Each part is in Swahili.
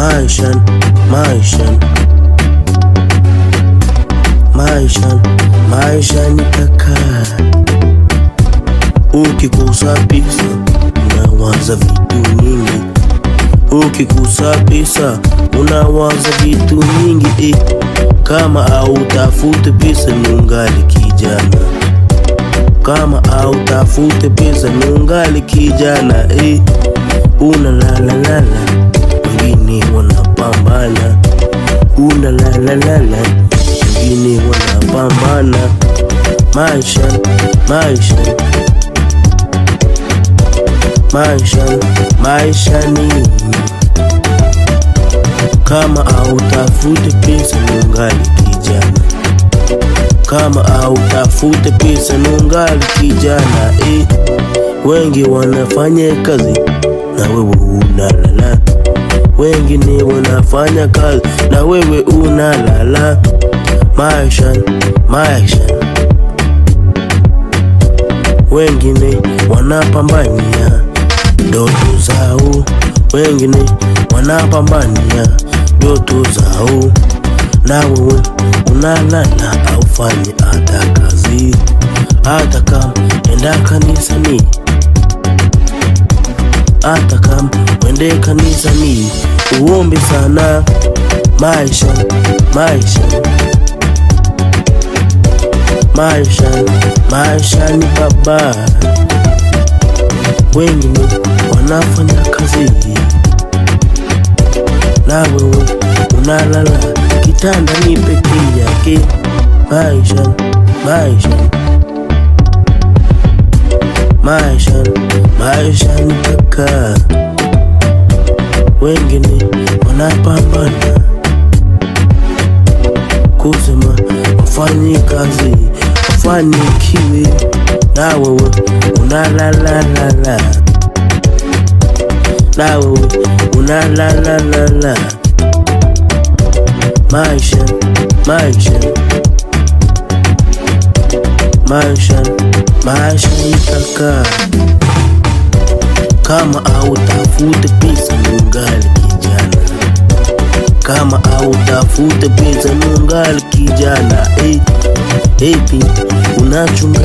Mansion, maishan maishan maishan maishani kaka, ukikosa pesa unawaza vitu nyingi, ukikosa pesa unawaza vitu nyingi eh. Kama autafute pesa nungali kijana, kama autafute pesa nungali kijana eh. una la wanapambana, una la la la lalalala, wengine wanapambana maisha maisha maisha maisha ni kama autafute pesa nungali kijana, kama autafute pesa nungali kijana eh. Wengi wanafanya kazi na wewe unalala wengine wanafanya kazi na wewe unalala. Maisha, maisha, wengine wanapambania ndoto zao, wengine wanapambania ndoto zao, na wewe unalala. Aufanye hata kazi, hata kama enda kanisani, hata kama wende kanisani uombe sana maisha, maisha, maisha, maisha ni baba. Wengine wanafanya kazi na wewe unalala kitanda, ni pekee yake. Maisha, maisha, maisha, maisha ni kaka wengine wanapambana kusema wafanyi kazi wafanikiwe, na wewe unalalalala, na wewe unalalalala. Maisha, maisha, maisha, maisha ni kama hautafuti pesa nungali kijana, kama hautafuti pesa mungali kijana. Hey, eti unachunga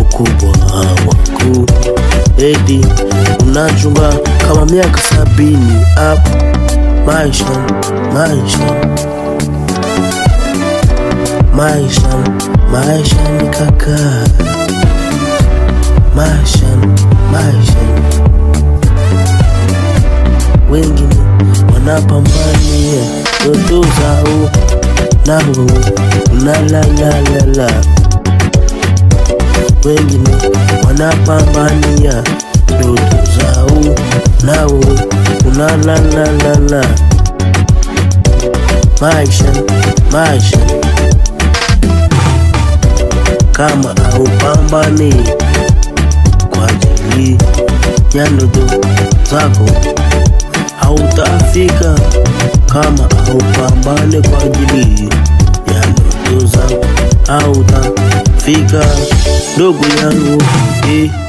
ukubwa wako, eti unachunga kama miaka sabini up. Maisha, maisha, maisha, maisha ni kakaa Tanzania utuza ulangu unalalalala, wengine wanapambania ndoto zao nao unalalalala, maisha maisha kama aupambani kwa ajili ya ndoto zako hautafika kama haupambane kwa ajili ya ndoto zako, hautafika ndugu yangu eh.